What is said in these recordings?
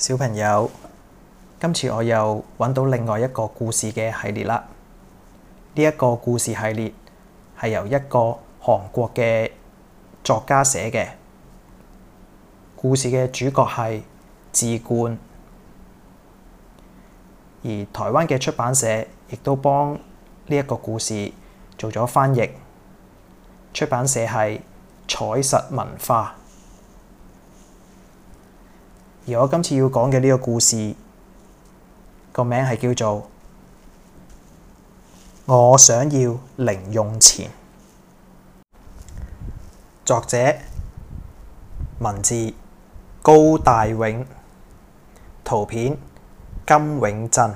小朋友，今次我又揾到另外一個故事嘅系列啦。呢一個故事系列係由一個韓國嘅作家寫嘅，故事嘅主角係智冠，而台灣嘅出版社亦都幫呢一個故事做咗翻譯。出版社係彩實文化。而我今次要講嘅呢個故事，個名係叫做《我想要零用錢》。作者文字高大永，圖片金永鎮，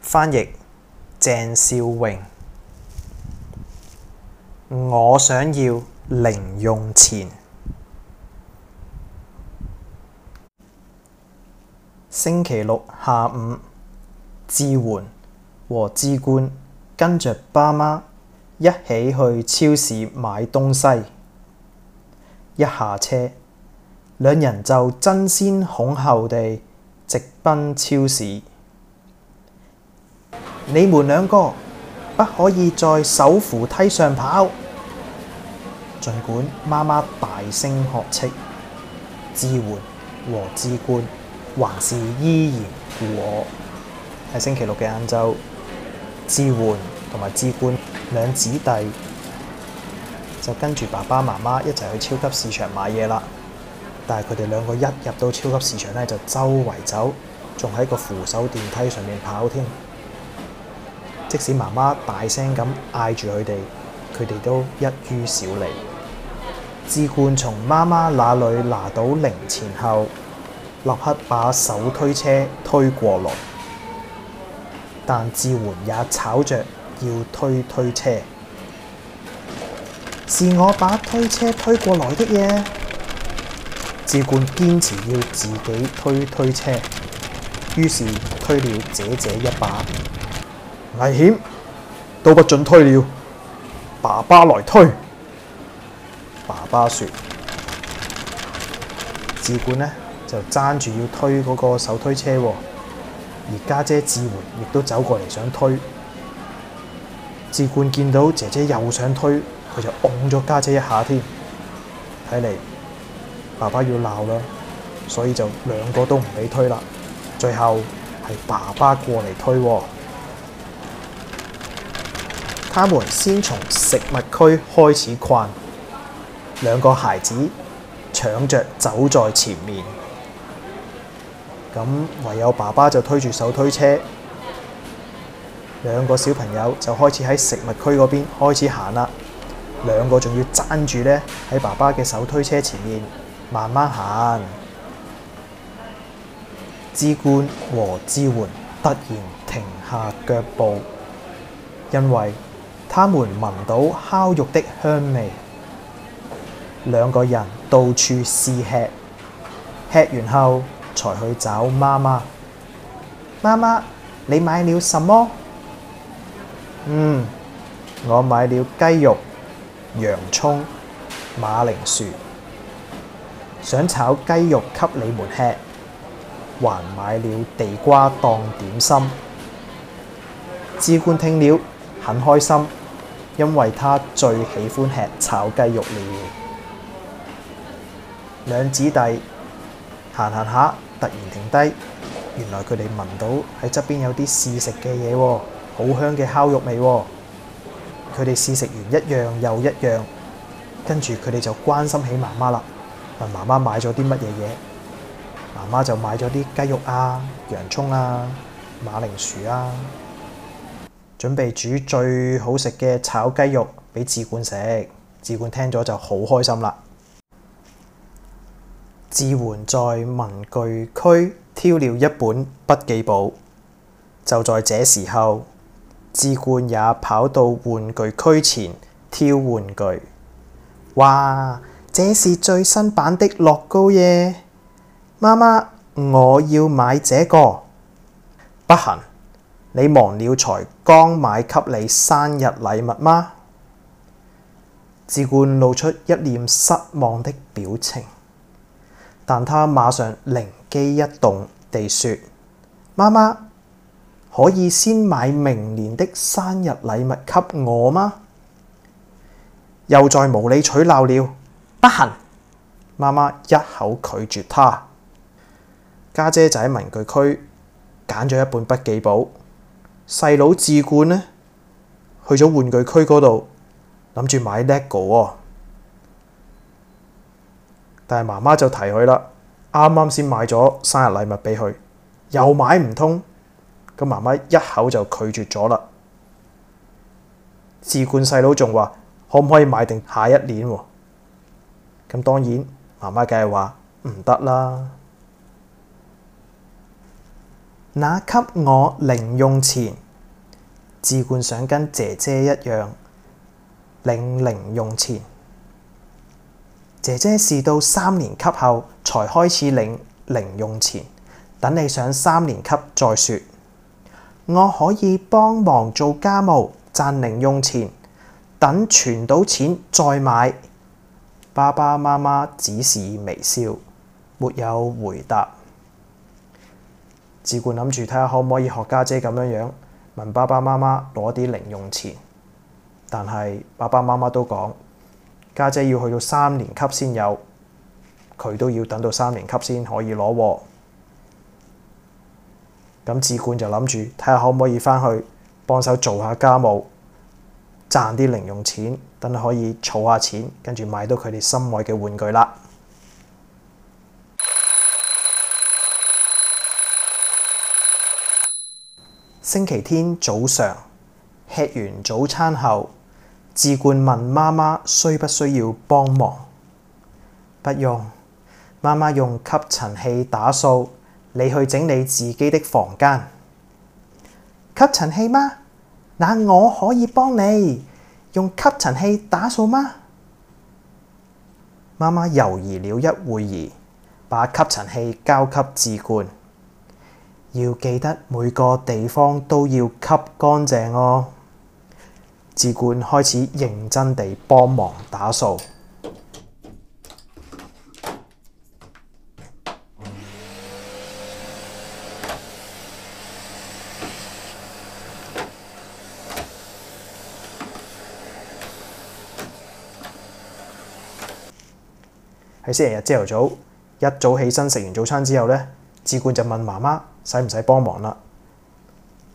翻譯鄭筱穎。我想要零用錢。星期六下午，智煥和智冠跟着爸媽一起去超市買東西。一下車，兩人就爭先恐後地直奔超市。你們兩個不可以在手扶梯上跑，盡管媽媽大聲喝斥智煥和智冠，還是依然故我。喺星期六嘅晏晝，智煥同埋智冠兩子弟就跟住爸爸媽媽一齊去超級市場買嘢啦。但係佢哋兩個一入到超級市場呢，就周圍走，仲喺個扶手電梯上面跑添。即使媽媽大聲咁嗌住佢哋，佢哋都一於少理。智冠從媽媽那裏拿到零錢後，立刻把手推車推過來，但智冠也吵着要推推車，是我把推車推過來的耶。智冠堅持要自己推推車，於是推了姐姐一把。危險，都不准推了，爸爸來推。爸爸說：智冠呢？就爭住要推嗰個手推車，而家姐志穎亦都走過嚟想推。智冠見到姐姐又想推，佢就按咗家姐一下添。睇嚟爸爸要鬧啦，所以就兩個都唔俾推啦。最後係爸爸過嚟推，他們先從食物區開始逛，兩個孩子搶着走在前面。咁唯有爸爸就推住手推車，兩個小朋友就開始喺食物區嗰邊開始行啦。兩個仲要爭住咧喺爸爸嘅手推車前面慢慢行。智冠和支援突然停下腳步，因為他們聞到烤肉的香味。兩個人到處試吃，吃完後。才去找媽媽。媽媽，你買了什麼？嗯，我買了雞肉、洋葱、馬鈴薯，想炒雞肉給你們吃，還買了地瓜當點心。智冠聽了，很開心，因為他最喜歡吃炒雞肉了。兩姊弟。行行下，突然停低，原來佢哋聞到喺側邊有啲試食嘅嘢喎，好香嘅烤肉味喎。佢哋試食完一樣又一樣，跟住佢哋就關心起媽媽啦，問媽媽買咗啲乜嘢嘢。媽媽就買咗啲雞肉啊、洋葱啊、馬鈴薯啊，準備煮最好食嘅炒雞肉畀智冠食。智冠聽咗就好開心啦。智桓在文具區挑了一本筆記簿，就在這時候，智冠也跑到玩具區前挑玩具。哇！這是最新版的樂高耶，媽媽，我要買這個。不行，你忘了才剛買給你生日禮物嗎？智冠露出一臉失望的表情。但他馬上靈機一動地說：媽媽，可以先買明年的生日禮物給我嗎？又在無理取鬧了，不行！媽媽一口拒絕他。家姐，姐就喺文具區揀咗一本筆記簿，細佬智冠呢，去咗玩具區嗰度諗住買 LEGO。但係媽媽就提佢啦，啱啱先買咗生日禮物畀佢，又買唔通，咁媽媽一口就拒絕咗啦。智冠細佬仲話：可唔可以買定下一年？咁當然，媽媽梗係話唔得啦。那給我零用錢。智冠想跟姐姐一樣領零,零用錢。姐姐是到三年級後才開始領零用錢，等你上三年級再說。我可以幫忙做家務賺零用錢，等存到錢再買。爸爸媽媽只是微笑，沒有回答。只顧諗住睇下可唔可以學家姐咁樣樣，問爸爸媽媽攞啲零用錢，但係爸爸媽媽都講。家姐，姐要去到三年級先有，佢都要等到三年級先可以攞喎。咁志冠就諗住睇下可唔可以返去幫手做下家務，賺啲零用錢，等可以儲下錢，跟住買到佢哋心愛嘅玩具啦。 星期天早上，吃完早餐後。智冠問媽媽：需不需要幫忙？不用，媽媽用吸塵器打掃，你去整理自己的房間。吸塵器嗎？那我可以幫你用吸塵器打掃嗎？媽媽猶豫了一會兒，把吸塵器交給智冠。要記得每個地方都要吸乾淨哦。智冠開始認真地幫忙打掃。喺星期日朝頭早一早起身，食完早餐之後呢，智冠就問媽媽使唔使幫忙啦？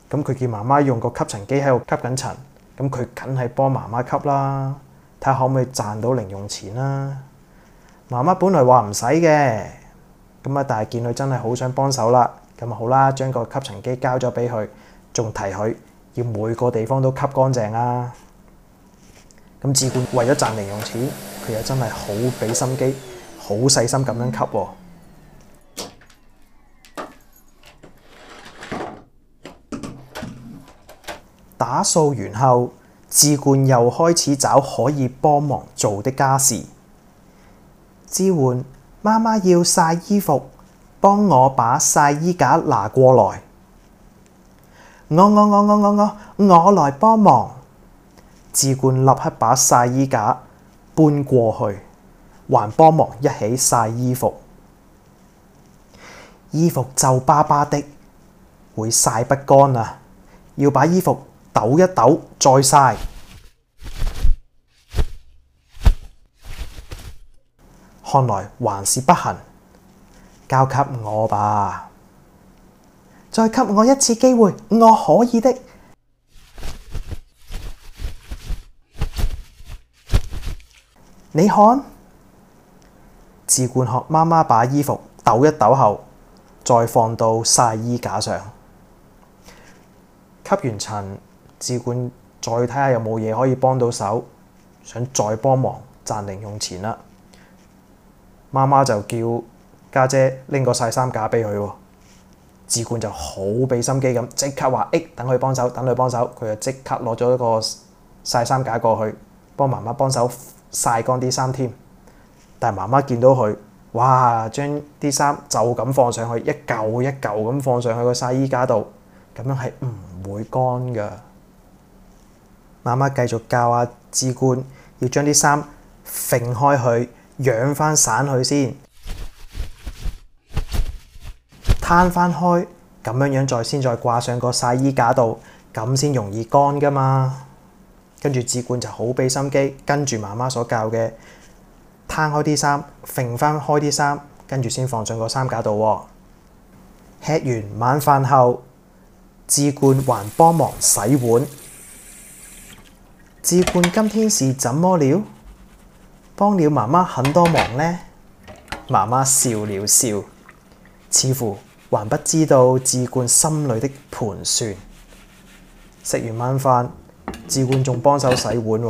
咁佢見媽媽用個吸塵機喺度吸緊塵。咁佢梗係幫媽媽吸啦，睇下可唔可以賺到零用錢啦。媽媽本來話唔使嘅，咁啊但係見佢真係好想幫手啦，咁啊好啦，將個吸塵機交咗俾佢，仲提佢要每個地方都吸乾淨啊。咁智冠為咗賺零用錢，佢又真係好俾心機，好細心咁樣吸喎。打掃完後，智冠又開始找可以幫忙做的家事。智冠，媽媽要曬衣服，幫我把曬衣架拿過來。我我我我我我我來幫忙。智冠立刻把曬衣架搬過去，還幫忙一起曬衣服。衣服皺巴巴的，會曬不乾啊！要把衣服。抖一抖，再曬。看來還是不行，交給我吧。再給我一次機會，我可以的。你看，智冠學媽媽把衣服抖一抖後，再放到曬衣架上，吸完塵。只管再睇下有冇嘢可以幫到手，想再幫忙賺零用錢啦。媽媽就叫家姐拎個晒衫架畀佢喎，智冠就好畀心機咁，即刻話，誒等佢幫手，等佢幫手。佢就即刻攞咗一個晒衫架過去幫媽媽幫手晒乾啲衫添。但係媽媽見到佢，哇，將啲衫就咁放上去，一嚿一嚿咁放上去個晒衣架度，咁樣係唔會乾㗎。媽媽繼續教阿智冠要將啲衫揈開佢，養翻散佢先，攤翻開咁樣樣再先再掛上個晒衣架度，咁先容易乾㗎嘛。跟住智冠就好俾心機，跟住媽媽所教嘅攤開啲衫，揈翻開啲衫，跟住先放上個衫架度。吃完晚飯後，智冠還幫忙洗碗。智冠今天是怎麼了？幫了媽媽很多忙呢。媽媽笑了笑，似乎還不知道智冠心裏的盤算。食完晚飯，智冠仲幫手洗碗，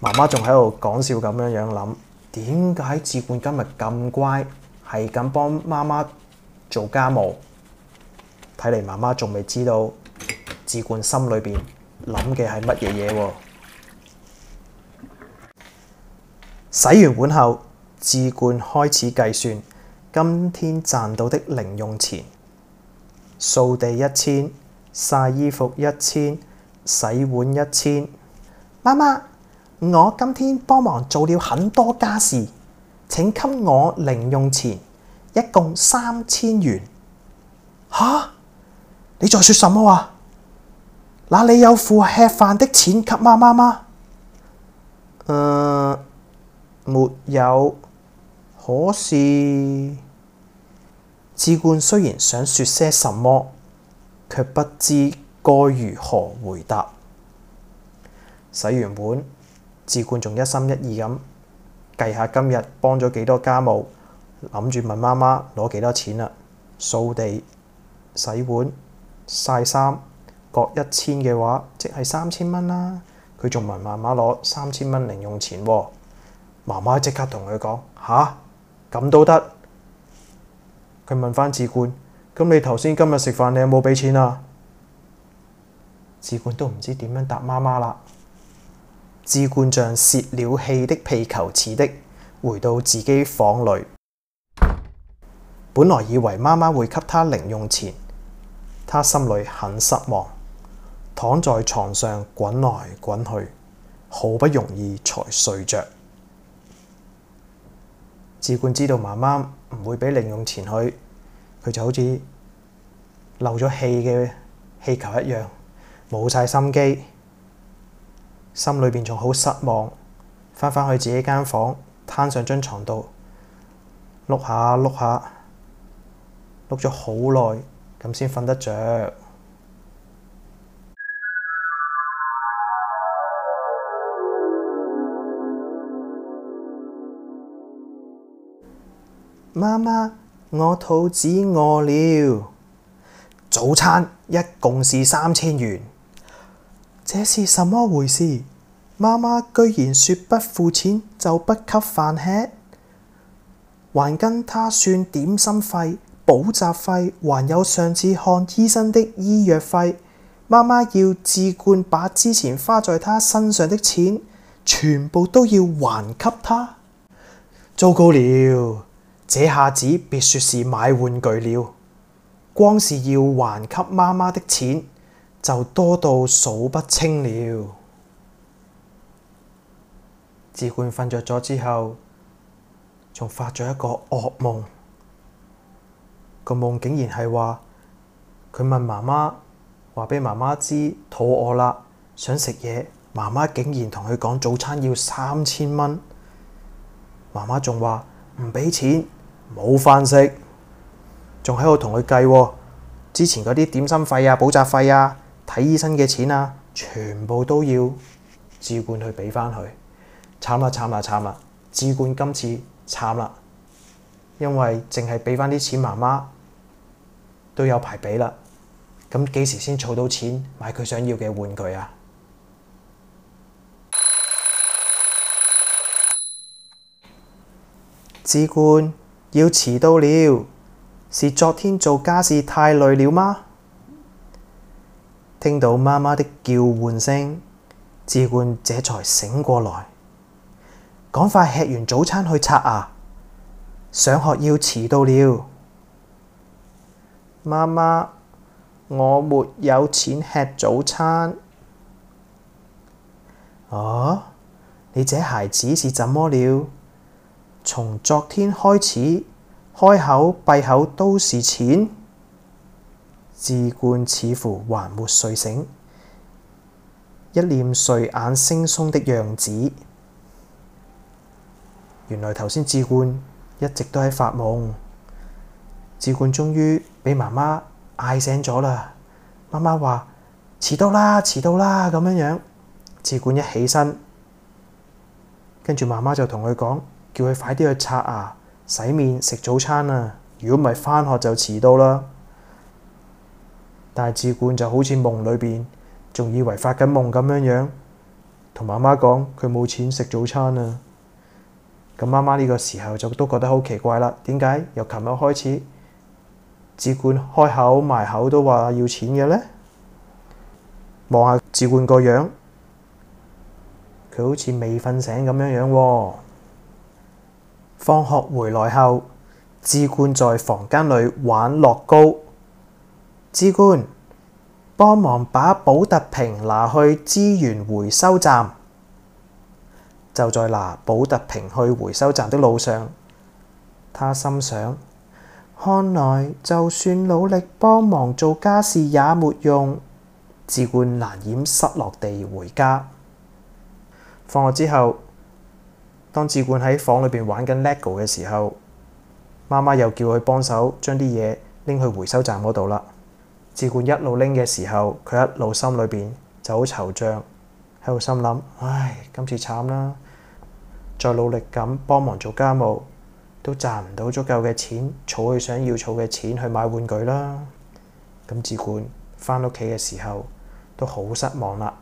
媽媽仲喺度講笑咁樣樣諗，點解智冠今日咁乖，係咁幫媽媽做家務？睇嚟媽媽仲未知道智冠心裏邊諗嘅係乜嘢嘢。洗完碗後，智冠開始計算今天賺到的零用錢：掃地一千，曬衣服一千，洗碗一千。媽媽，我今天幫忙做了很多家事，請給我零用錢，一共三千元。吓、啊！你在說什麼啊？那你有付吃飯的錢給媽媽嗎？誒。呃沒有可，可是智冠雖然想說些什麼，卻不知該如何回答。洗完碗，智冠仲一心一意咁計下今日幫咗幾多家務，諗住問媽媽攞幾多錢啦。掃地、洗碗、晒衫，各一千嘅話，即係三千蚊啦。佢仲問媽媽攞三千蚊零用錢喎。媽媽即刻同佢講吓，咁都得。佢問返智冠：咁你頭先今日食飯，你有冇畀錢啊？智冠都唔知點樣答媽媽啦。智冠像泄了氣的皮球似的回到自己房裏。本來以為媽媽會給他零用錢，他心裏很失望，躺在床上滾來滾去，好不容易才睡着。智冠知道媽媽唔會畀零用錢佢，佢就好似漏咗氣嘅氣球一樣，冇晒心機，心裏邊仲好失望，返返去自己間房間，攤上張床度碌下碌下，碌咗好耐，咁先瞓得着。媽媽，我肚子餓了。早餐一共是三千元，這是什麼回事？媽媽居然說不付錢就不給飯吃，還跟他算點心費、補習費，還有上次看醫生的醫藥費。媽媽要智冠把之前花在他身上的錢全部都要還給他，糟糕了！這下子別說是買玩具了，光是要還給媽媽的錢就多到數不清了。智冠瞓着咗之後，仲發咗一個惡夢，個夢竟然係話佢問媽媽，話畀媽媽知肚餓啦，想食嘢。媽媽竟然同佢講早餐要三千蚊，媽媽仲話唔畀錢。冇翻息，仲喺度同佢計，之前嗰啲點心費啊、補習費啊、睇醫生嘅錢啊，全部都要智冠去畀翻佢，慘啦慘啦慘啦！智冠今次慘啦，因為淨係畀翻啲錢媽媽，都有排畀啦，咁幾時先儲到錢買佢想要嘅玩具啊？智冠。 要遲到了，是昨天做家事太累了嗎？聽到媽媽的叫喚聲，智冠這才醒過來。趕快吃完早餐去刷牙，啊，上學要遲到了。媽媽，我沒有錢吃早餐。哦，你這孩子是怎麼了？從昨天開始，開口閉口都是錢。智冠似乎還沒睡醒，一臉睡眼惺忪的樣子。原來頭先智冠一直都喺發夢。智冠終於畀媽媽嗌醒咗啦。媽媽話：遲到啦，遲到啦咁樣樣。智冠一起身，媽媽跟住媽媽就同佢講。叫佢快啲去刷牙、洗面、食早餐啊！如果唔係返學就遲到啦。但係智冠就好似夢裏邊，仲以為發緊夢咁樣樣，同媽媽講佢冇錢食早餐啊。咁媽媽呢個時候就都覺得好奇怪啦，點解由琴日開始，智冠開口埋口都話要錢嘅咧？望下智冠個樣，佢好似未瞓醒咁樣樣、啊、喎。放學回來後，智冠在房間裏玩樂高。智冠，幫忙把寶特瓶拿去資源回收站。就在拿寶特瓶去回收站的路上，他心想：看來就算努力幫忙做家事也沒用。智冠難掩失落地回家。放學之後。當智冠喺房裏邊玩緊 LEGO 嘅時候，媽媽又叫佢幫手將啲嘢拎去回收站嗰度啦。智冠一路拎嘅時候，佢一路心裏邊就好惆悵，喺度心諗：唉，今次慘啦！再努力咁幫忙做家務，都賺唔到足夠嘅錢，儲佢想要儲嘅錢去買玩具啦。咁智冠返屋企嘅時候都好失望啦。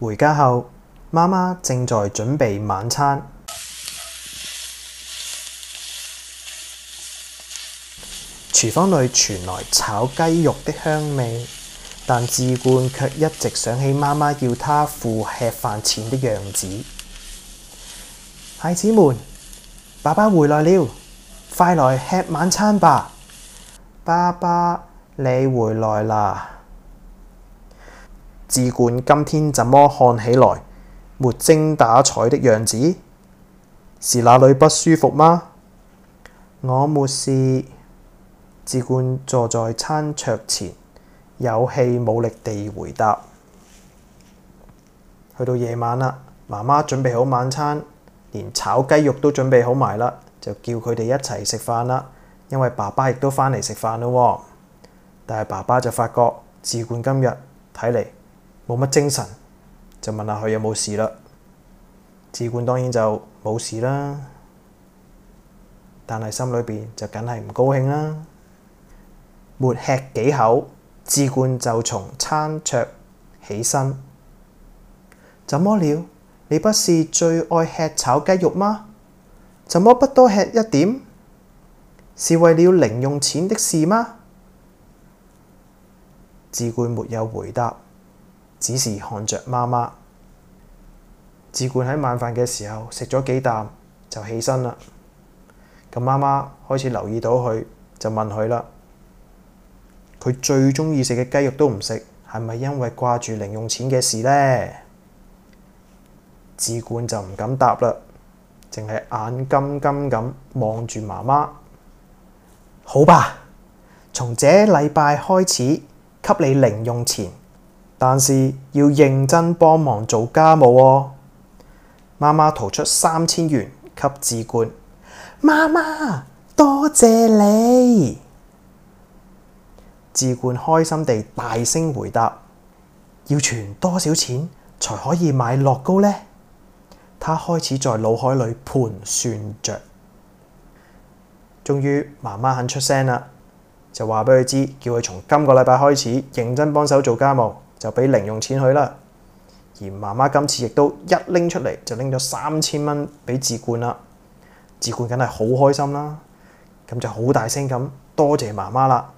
回家後，媽媽正在準備晚餐，廚房裏傳來炒雞肉的香味，但智冠却一直想起媽媽要他付吃飯錢的樣子。孩子們，爸爸回來了，快來吃晚餐吧！爸爸，你回來啦？智冠今天怎麼看起來？沒精打采的樣子，是哪裏不舒服嗎？我沒事。智冠坐在餐桌前，有氣冇力地回答。去到夜晚啦，媽媽準備好晚餐，連炒雞肉都準備好埋啦，就叫佢哋一齊食飯啦。因為爸爸亦都返嚟食飯咯。但係爸爸就發覺智冠今日睇嚟冇乜精神。就問下佢有冇事啦。智冠當然就冇事啦，但係心裏邊就梗係唔高興啦。沒吃幾口，智冠就從餐桌起身。怎麼了？你不是最愛吃炒雞肉嗎？怎麼不多吃一點？是為了零用錢的事嗎？智冠沒有回答。只是看着媽媽，智冠喺晚飯嘅時候食咗幾啖就起身啦。咁媽媽開始留意到佢，就問佢啦：「佢最鍾意食嘅雞肉都唔食，係咪因為掛住零用錢嘅事呢？」智冠就唔敢答啦，淨係眼金金咁望住媽媽。好吧，從這禮拜開始，給你零用錢。但是要認真幫忙做家務哦，媽媽掏出三千元給智冠。媽媽多謝你，智冠開心地大聲回答。要存多少錢才可以買樂高呢？他開始在腦海裏盤算着。終於媽媽肯出聲啦，就話畀佢知，叫佢從今個禮拜開始認真幫手做家務。就俾零用錢佢啦，而媽媽今次亦都一拎出嚟就拎咗三千蚊俾智冠啦，智冠梗係好開心啦，咁就好大聲咁多謝媽媽啦。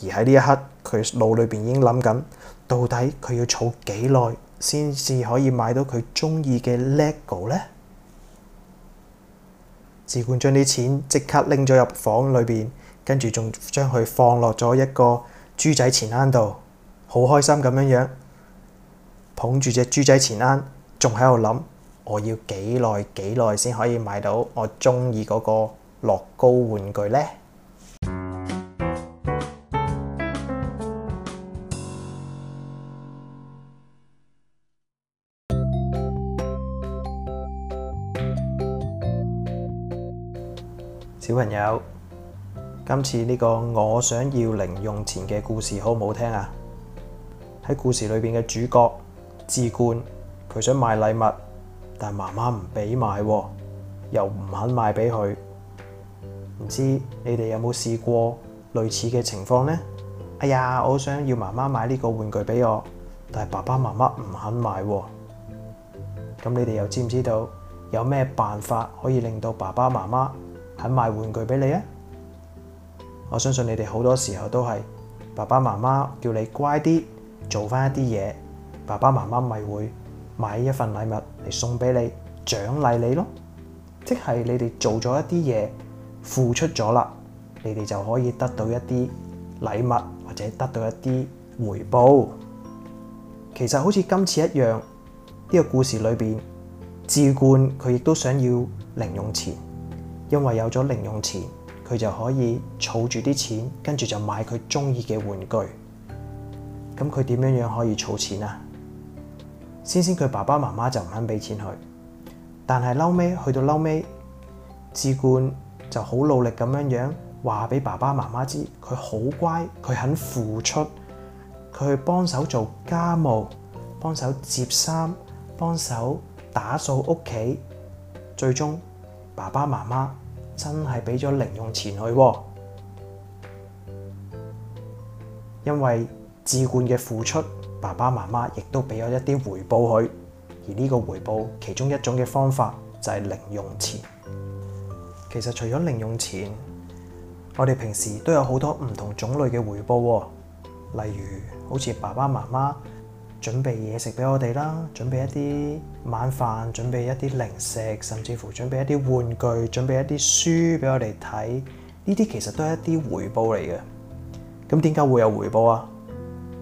而喺呢一刻，佢腦裏邊已經諗緊，到底佢要儲幾耐先至可以買到佢中意嘅 LEGO 咧？智冠將啲錢即刻拎咗入房裏邊，跟住仲將佢放落咗一個豬仔錢罌度。好開心咁樣樣捧住隻豬仔錢罌，仲喺度諗，我要幾耐幾耐先可以買到我鍾意嗰個樂高玩具呢？ 小朋友，今次呢個我想要零用錢嘅故事好唔好聽啊？喺故事裏面嘅主角智冠，佢想買禮物，但係媽媽唔俾買，又唔肯買俾佢。唔知你哋有冇試過類似嘅情況呢？哎呀，我想要媽媽買呢個玩具俾我，但係爸爸媽媽唔肯買。咁你哋又知唔知道有咩辦法可以令到爸爸媽媽肯買玩具俾你呢？我相信你哋好多時候都係爸爸媽媽叫你乖啲。做翻一啲嘢，爸爸媽媽咪會買一份禮物嚟送俾你，獎勵你咯。即係你哋做咗一啲嘢，付出咗啦，你哋就可以得到一啲禮物或者得到一啲回報。其實好似今次一樣，呢個故事裏邊，智冠佢亦都想要零用錢，因為有咗零用錢，佢就可以儲住啲錢，跟住就買佢中意嘅玩具。咁佢點樣樣可以儲錢啊？先先佢爸爸媽媽就唔肯俾錢佢，但係嬲尾去到嬲尾，智冠就好努力咁樣樣話俾爸爸媽媽知，佢好乖，佢肯付出，佢去幫手做家務，幫手摺衫，幫手打掃屋企，最終爸爸媽媽真係俾咗零用錢佢，因為。智冠嘅付出，爸爸媽媽亦都俾咗一啲回報佢。而呢個回報其中一種嘅方法就係零用錢。其實除咗零用錢，我哋平時都有好多唔同種類嘅回報，例如好似爸爸媽媽準備嘢食俾我哋啦，準備一啲晚飯，準備一啲零食，甚至乎準備一啲玩具，準備一啲書俾我哋睇。呢啲其實都係一啲回報嚟嘅。咁點解會有回報啊？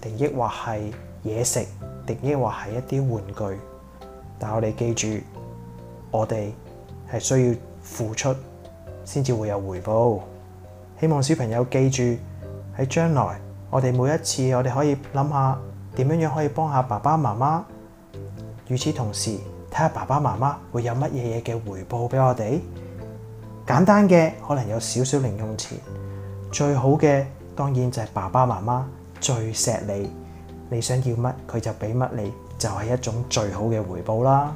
定抑或係嘢食，定抑或係一啲玩具，但我哋記住，我哋係需要付出先至會有回報。希望小朋友記住喺將來，我哋每一次，我哋可以諗下點樣樣可以幫下爸爸媽媽。與此同時，睇下爸爸媽媽會有乜嘢嘢嘅回報俾我哋。簡單嘅可能有少少零用錢，最好嘅當然就係爸爸媽媽。最錫你，你想要乜佢就俾乜你，就係一種最好嘅回報啦。